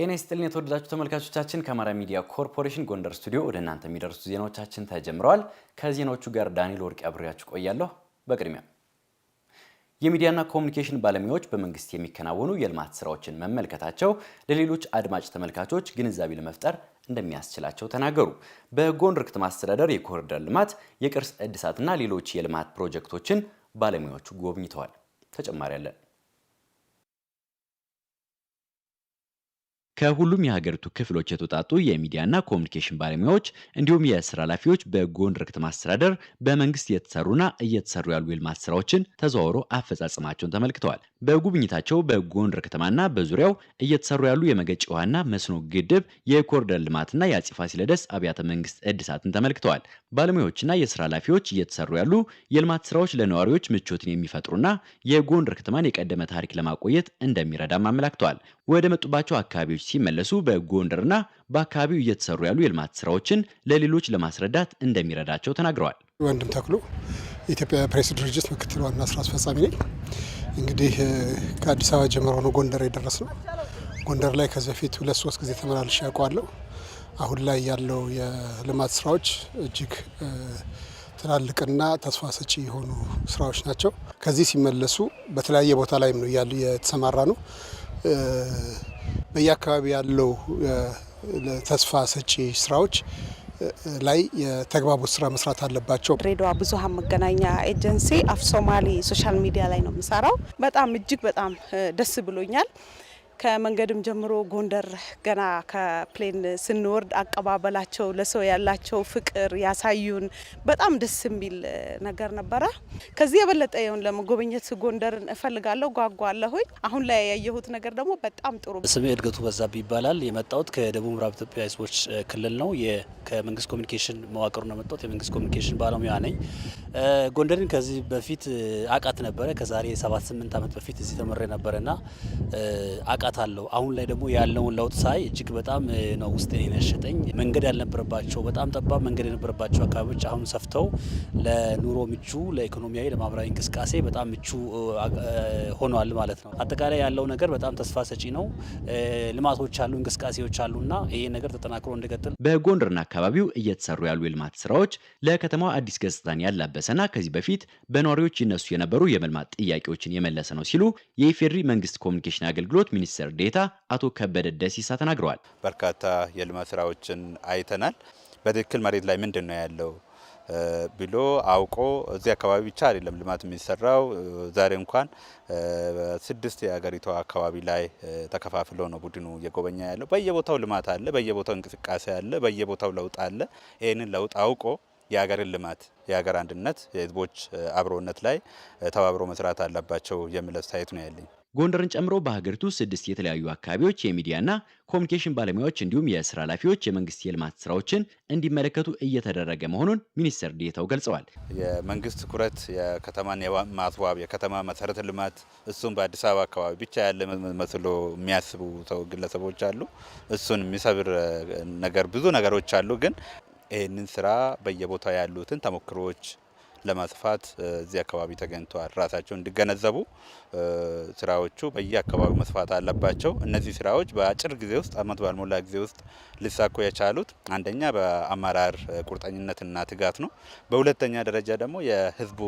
ጤና ይስጥልን የተወደዳችሁ ተመልካቾቻችን፣ ከአማራ ሚዲያ ኮርፖሬሽን ጎንደር ስቱዲዮ ወደ እናንተ የሚደርሱ ዜናዎቻችን ተጀምረዋል። ከዜናዎቹ ጋር ዳንኤል ወርቅ አብሬያችሁ ቆያለሁ። በቅድሚያ የሚዲያና ኮሚኒኬሽን ባለሙያዎች በመንግስት የሚከናወኑ የልማት ስራዎችን መመልከታቸው ለሌሎች አድማጭ ተመልካቾች ግንዛቤ ለመፍጠር እንደሚያስችላቸው ተናገሩ። በጎንደር ከተማ አስተዳደር የኮሪደር ልማት፣ የቅርስ እድሳትና ሌሎች የልማት ፕሮጀክቶችን ባለሙያዎቹ ጎብኝተዋል። ተጨማሪ አለን። ከሁሉም የሀገሪቱ ክፍሎች የተውጣጡ የሚዲያና ኮሚኒኬሽን ባለሙያዎች እንዲሁም የስራ ኃላፊዎች በጎንደር ከተማ አስተዳደር በመንግስት የተሰሩና እየተሰሩ ያሉ የልማት ስራዎችን ተዘዋውሮ አፈጻጸማቸውን ተመልክተዋል። በጉብኝታቸው በጎንደር ከተማና በዙሪያው እየተሰሩ ያሉ የመገጭ ውሃና መስኖ ግድብ፣ የኮሪደር ልማትና የአፄ ፋሲለደስ አብያተ መንግስት እድሳትን ተመልክተዋል። ባለሙያዎችና የስራ ኃላፊዎች እየተሰሩ ያሉ የልማት ስራዎች ለነዋሪዎች ምቾትን የሚፈጥሩና የጎንደር ከተማን የቀደመ ታሪክ ለማቆየት እንደሚረዳም አመላክተዋል። ወደ መጡባቸው አካባቢዎች ሲመለሱ በጎንደርና በአካባቢው እየተሰሩ ያሉ የልማት ስራዎችን ለሌሎች ለማስረዳት እንደሚረዳቸው ተናግረዋል። ወንድም ተክሎ የኢትዮጵያ ፕሬስ ድርጅት ምክትል ዋና ስራ አስፈጻሚ ነኝ። እንግዲህ ከአዲስ አበባ ጀምሮ ነው ጎንደር የደረስ ነው። ጎንደር ላይ ከዚህ በፊት ሁለት ሶስት ጊዜ ተመላልሼ ያውቀዋለሁ። አሁን ላይ ያለው የልማት ስራዎች እጅግ ትላልቅና ተስፋ ሰጪ የሆኑ ስራዎች ናቸው። ከዚህ ሲመለሱ በተለያየ ቦታ ላይ ነው ያሉ የተሰማራ ነው። በየአካባቢ ያለው ተስፋ ሰጪ ስራዎች ላይ የተግባቦት ስራ መስራት አለባቸው። ድሬዳዋ ብዙኃን መገናኛ ኤጀንሲ አፍሶማሊ ሶሻል ሚዲያ ላይ ነው የምሰራው። በጣም እጅግ በጣም ደስ ብሎኛል። ከመንገድም ጀምሮ ጎንደር ገና ከፕሌን ስንወርድ አቀባበላቸው ለሰው ያላቸው ፍቅር ያሳዩን በጣም ደስ የሚል ነገር ነበረ። ከዚህ የበለጠ የውን ለመጎብኘት ጎንደርን እፈልጋለሁ፣ ጓጓለሁኝ። አሁን ላይ ያየሁት ነገር ደግሞ በጣም ጥሩ። ስሜ እድገቱ በዛብህ ይባላል። የመጣሁት ከደቡብ ምዕራብ ኢትዮጵያ ህዝቦች ክልል ነው። ከመንግስት ኮሚኒኬሽን መዋቅሩ ነው የመጣሁት። የመንግስት ኮሚኒኬሽን ባለሙያ ነኝ። ጎንደርን ከዚህ በፊት አቃት ነበረ። ከዛሬ ሰባት ስምንት ዓመት በፊት እዚህ ተመሬ ነበረና አቃት አውቃታለሁ። አሁን ላይ ደግሞ ያለውን ለውጥ ሳይ እጅግ በጣም ነው ውስጤን የነሸጠኝ። መንገድ ያልነበረባቸው በጣም ጠባብ መንገድ የነበረባቸው አካባቢዎች አሁን ሰፍተው ለኑሮ ምቹ፣ ለኢኮኖሚያዊ፣ ለማህበራዊ እንቅስቃሴ በጣም ምቹ ሆኗል ማለት ነው። አጠቃላይ ያለው ነገር በጣም ተስፋ ሰጪ ነው። ልማቶች አሉ፣ እንቅስቃሴዎች አሉና ይሄ ነገር ተጠናክሮ እንደቀጥል በጎንደርና አካባቢው እየተሰሩ ያሉ የልማት ስራዎች ለከተማዋ አዲስ ገጽታን ያላበሰና ከዚህ በፊት በነዋሪዎች ይነሱ የነበሩ የመልማት ጥያቄዎችን የመለሰ ነው ሲሉ የኢፌዴሪ መንግስት ኮሚኒኬሽን አገልግሎት ሚኒስትር ሚኒስትር ዴታ አቶ ከበደ ደሲሳ ተናግረዋል። በርካታ የልማት ስራዎችን አይተናል። በትክክል መሬት ላይ ምንድን ነው ያለው ብሎ አውቆ እዚህ አካባቢ ብቻ አይደለም ልማት የሚሰራው። ዛሬ እንኳን ስድስት የሀገሪቷ አካባቢ ላይ ተከፋፍሎ ነው ቡድኑ እየጎበኛ ያለው። በየቦታው ልማት አለ፣ በየቦታው እንቅስቃሴ አለ፣ በየቦታው ለውጥ አለ። ይህንን ለውጥ አውቆ የሀገርን ልማት፣ የሀገር አንድነት፣ የህዝቦች አብሮነት ላይ ተባብሮ መስራት አለባቸው የሚል አስተያየት ነው ያለኝ። ጎንደርን ጨምሮ በሀገሪቱ ስድስት የተለያዩ አካባቢዎች የሚዲያና ኮሚኒኬሽን ባለሙያዎች እንዲሁም የስራ ኃላፊዎች የመንግስት የልማት ስራዎችን እንዲመለከቱ እየተደረገ መሆኑን ሚኒስትር ዴኤታው ገልጸዋል። የመንግስት ትኩረት የከተማን ማስዋብ፣ የከተማ መሰረተ ልማት እሱን በአዲስ አበባ አካባቢ ብቻ ያለ መስሎ የሚያስቡ ግለሰቦች አሉ። እሱን የሚሰብር ነገር ብዙ ነገሮች አሉ። ግን ይህንን ስራ በየቦታው ያሉትን ተሞክሮዎች ለማስፋት እዚህ አካባቢ ተገኝተዋል። ራሳቸውን እንዲገነዘቡ ስራዎቹ በየአካባቢው መስፋት አለባቸው። እነዚህ ስራዎች በአጭር ጊዜ ውስጥ አመት ባልሞላ ጊዜ ውስጥ ሊሳኩ የቻሉት አንደኛ በአመራር ቁርጠኝነትና ትጋት ነው። በሁለተኛ ደረጃ ደግሞ የህዝቡ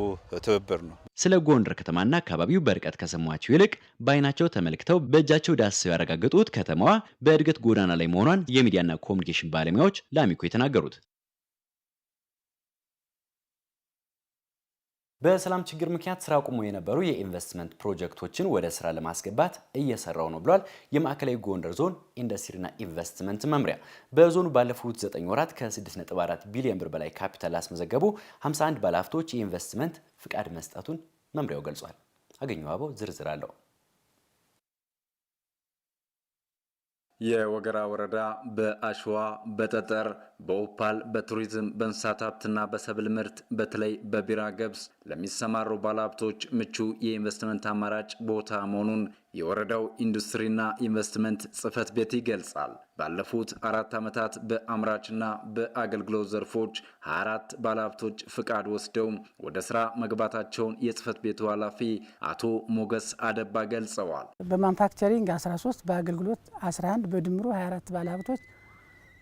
ትብብር ነው። ስለ ጎንደር ከተማና አካባቢው በርቀት ከሰሟቸው ይልቅ በአይናቸው ተመልክተው በእጃቸው ዳስሰው ያረጋገጡት ከተማዋ በእድገት ጎዳና ላይ መሆኗን የሚዲያና ኮሚኒኬሽን ባለሙያዎች ለአሚኮ የተናገሩት በሰላም ችግር ምክንያት ስራ አቁሞ የነበሩ የኢንቨስትመንት ፕሮጀክቶችን ወደ ስራ ለማስገባት እየሰራው ነው ብሏል የማዕከላዊ ጎንደር ዞን ኢንዱስትሪና ኢንቨስትመንት መምሪያ። በዞኑ ባለፉት 9 ወራት ከ6.4 ቢሊዮን ብር በላይ ካፒታል አስመዘገቡ 51 ባለሀብቶች የኢንቨስትመንት ፍቃድ መስጠቱን መምሪያው ገልጿል። አገኘው አበው ዝርዝር አለው። የወገራ ወረዳ በአሸዋ፣ በጠጠር፣ በኦፓል፣ በቱሪዝም፣ በእንስሳት ሀብትና በሰብል ምርት በተለይ በቢራ ገብስ ለሚሰማሩ ባለሀብቶች ምቹ የኢንቨስትመንት አማራጭ ቦታ መሆኑን የወረዳው ኢንዱስትሪና ኢንቨስትመንት ጽህፈት ቤት ይገልጻል። ባለፉት አራት ዓመታት በአምራችና በአገልግሎት ዘርፎች 24 ባለሀብቶች ፍቃድ ወስደው ወደ ስራ መግባታቸውን የጽህፈት ቤቱ ኃላፊ አቶ ሞገስ አደባ ገልጸዋል። በማንፋክቸሪንግ 13፣ በአገልግሎት 11፣ በድምሩ 24 ባለሀብቶች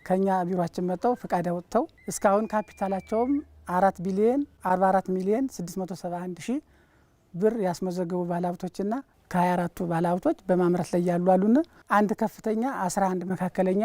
ከኛ ቢሮችን መጥተው ፍቃድ አወጥተው እስካሁን ካፒታላቸውም አራት ቢሊየን 44 ሚሊየን 671 ሺህ ብር ያስመዘገቡ ባለሀብቶችና ከ24ቱ ባለሀብቶች በማምረት ላይ ያሉ አሉና አንድ ከፍተኛ 11 መካከለኛ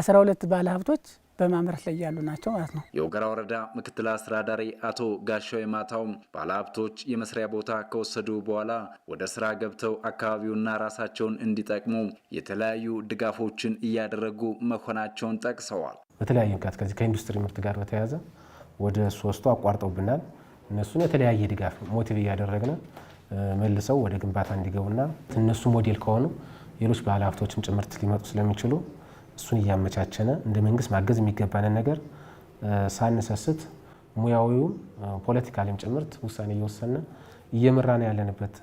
12 ባለሀብቶች በማምረት ላይ ያሉ ናቸው ማለት ነው። የወገራ ወረዳ ምክትል አስተዳዳሪ አቶ ጋሻው የማታውም ባለሀብቶች የመስሪያ ቦታ ከወሰዱ በኋላ ወደ ስራ ገብተው አካባቢውና ራሳቸውን እንዲጠቅሙ የተለያዩ ድጋፎችን እያደረጉ መሆናቸውን ጠቅሰዋል። በተለያየ ምክንያት ከዚህ ከኢንዱስትሪ ምርት ጋር በተያያዘ ወደ ሶስቱ አቋርጠውብናል። እነሱን የተለያየ ድጋፍ ሞቲቭ እያደረግነ መልሰው ወደ ግንባታ እንዲገቡና እነሱ ሞዴል ከሆኑ ሌሎች ባለሀብቶችም ጭምርት ሊመጡ ስለሚችሉ እሱን እያመቻቸነ እንደ መንግስት ማገዝ የሚገባንን ነገር ሳንሰስት ሙያዊውም ፖለቲካሊም ጭምርት ውሳኔ እየወሰነ እየመራን ያለንበት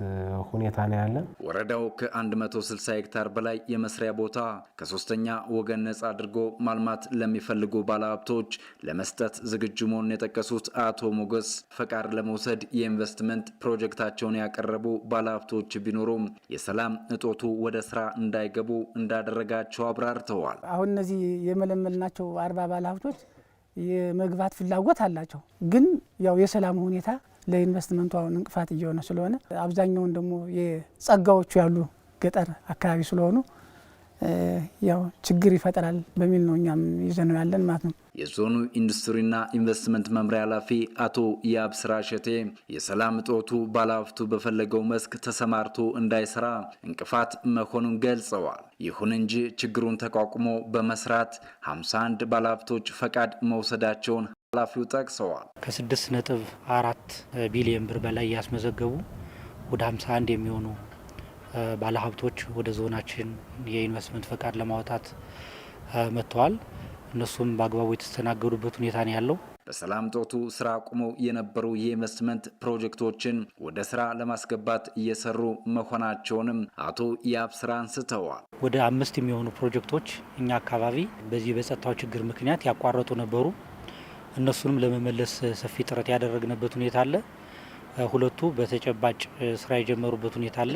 ሁኔታ ነው ያለን። ወረዳው ከ160 ሄክታር በላይ የመስሪያ ቦታ ከሶስተኛ ወገን ነጻ አድርጎ ማልማት ለሚፈልጉ ባለሀብቶች ለመስጠት ዝግጁ መሆኑን የጠቀሱት አቶ ሞገስ ፈቃድ ለመውሰድ የኢንቨስትመንት ፕሮጀክታቸውን ያቀረቡ ባለሀብቶች ቢኖሩም የሰላም እጦቱ ወደ ስራ እንዳይገቡ እንዳደረጋቸው አብራርተዋል። አሁን እነዚህ የመለመልናቸው አርባ ባለሀብቶች የመግባት ፍላጎት አላቸው፣ ግን ያው የሰላም ሁኔታ ለኢንቨስትመንቱ አሁን እንቅፋት እየሆነ ስለሆነ አብዛኛውን ደግሞ የጸጋዎቹ ያሉ ገጠር አካባቢ ስለሆኑ ያው ችግር ይፈጠራል በሚል ነው እኛም ይዘነው ያለን ማለት ነው። የዞኑ ኢንዱስትሪና ኢንቨስትመንት መምሪያ ኃላፊ አቶ የአብስራ ሸቴ የሰላም እጦቱ ባለሀብቱ በፈለገው መስክ ተሰማርቶ እንዳይሰራ እንቅፋት መሆኑን ገልጸዋል። ይሁን እንጂ ችግሩን ተቋቁሞ በመስራት 51 ባለሀብቶች ፈቃድ መውሰዳቸውን ኃላፊው ጠቅሰዋል። ከስድስት ነጥብ አራት ቢሊየን ብር በላይ ያስመዘገቡ ወደ አንድ የሚሆኑ ባለሀብቶች ወደ ዞናችን የኢንቨስትመንት ፈቃድ ለማውጣት መጥተዋል። እነሱም በአግባቡ የተስተናገዱበት ሁኔታ ነው ያለው። በሰላም ጦቱ ስራ አቁመው የነበሩ የኢንቨስትመንት ፕሮጀክቶችን ወደ ስራ ለማስገባት እየሰሩ መሆናቸውንም አቶ ያብስራ አንስተዋል። ወደ አምስት የሚሆኑ ፕሮጀክቶች እኛ አካባቢ በዚህ በጸጥታው ችግር ምክንያት ያቋረጡ ነበሩ። እነሱንም ለመመለስ ሰፊ ጥረት ያደረግንበት ሁኔታ አለ። ሁለቱ በተጨባጭ ስራ የጀመሩበት ሁኔታ አለ።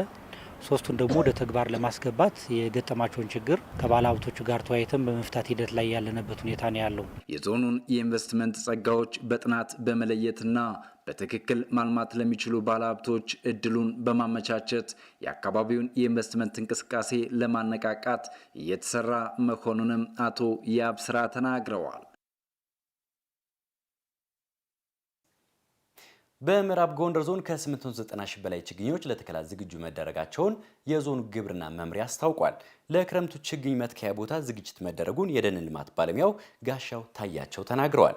ሶስቱን ደግሞ ወደ ተግባር ለማስገባት የገጠማቸውን ችግር ከባለ ሀብቶቹ ጋር ተወያይተን በመፍታት ሂደት ላይ ያለንበት ሁኔታ ነው ያለው። የዞኑን የኢንቨስትመንት ጸጋዎች በጥናት በመለየትና በትክክል ማልማት ለሚችሉ ባለሀብቶች እድሉን በማመቻቸት የአካባቢውን የኢንቨስትመንት እንቅስቃሴ ለማነቃቃት እየተሰራ መሆኑንም አቶ ያብስራ ተናግረዋል። በምዕራብ ጎንደር ዞን ከ890 ሺህ በላይ ችግኞች ለተከላ ዝግጁ መደረጋቸውን የዞኑ ግብርና መምሪያ አስታውቋል። ለክረምቱ ችግኝ መትከያ ቦታ ዝግጅት መደረጉን የደን ልማት ባለሙያው ጋሻው ታያቸው ተናግረዋል።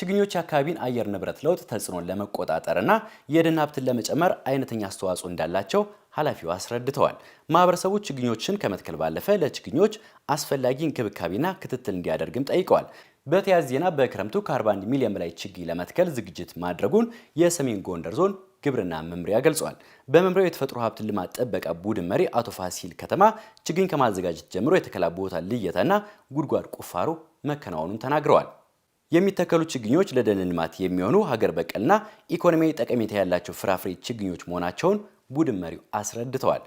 ችግኞች የአካባቢን አየር ንብረት ለውጥ ተጽዕኖን ለመቆጣጠርና የደን ሀብትን ለመጨመር አይነተኛ አስተዋጽኦ እንዳላቸው ኃላፊው አስረድተዋል። ማህበረሰቡ ችግኞችን ከመትከል ባለፈ ለችግኞች አስፈላጊ እንክብካቤና ክትትል እንዲያደርግም ጠይቀዋል። በተያያዘ ዜና በክረምቱ ከ41 ሚሊዮን በላይ ችግኝ ለመትከል ዝግጅት ማድረጉን የሰሜን ጎንደር ዞን ግብርና መምሪያ ገልጿል። በመምሪያው የተፈጥሮ ሀብት ልማት ጥበቃ ቡድን መሪ አቶ ፋሲል ከተማ ችግኝ ከማዘጋጀት ጀምሮ የተከላ ቦታ ልየታና ጉድጓድ ቁፋሮ መከናወኑን ተናግረዋል። የሚተከሉ ችግኞች ለደን ልማት የሚሆኑ ሀገር በቀልና ኢኮኖሚያዊ ጠቀሜታ ያላቸው ፍራፍሬ ችግኞች መሆናቸውን ቡድን መሪው አስረድተዋል።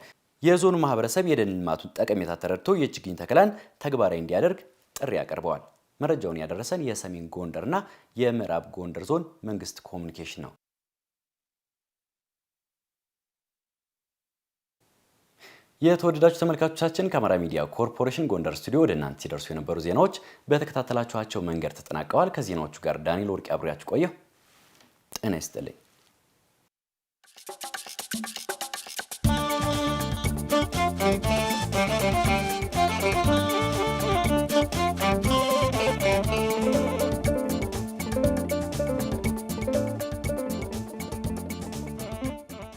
የዞኑ ማህበረሰብ የደን ልማቱን ጠቀሜታ ተረድቶ የችግኝ ተከላን ተግባራዊ እንዲያደርግ ጥሪ አቀርበዋል። መረጃውን ያደረሰን የሰሜን ጎንደርና የምዕራብ ጎንደር ዞን መንግስት ኮሚኒኬሽን ነው። የተወደዳችሁ ተመልካቾቻችን ከአማራ ሚዲያ ኮርፖሬሽን ጎንደር ስቱዲዮ ወደ እናንተ ሲደርሱ የነበሩ ዜናዎች በተከታተላችኋቸው መንገድ ተጠናቀዋል። ከዜናዎቹ ጋር ዳንኤል ወርቅ አብሬያችሁ ቆየሁ። ጤና ይስጥልኝ።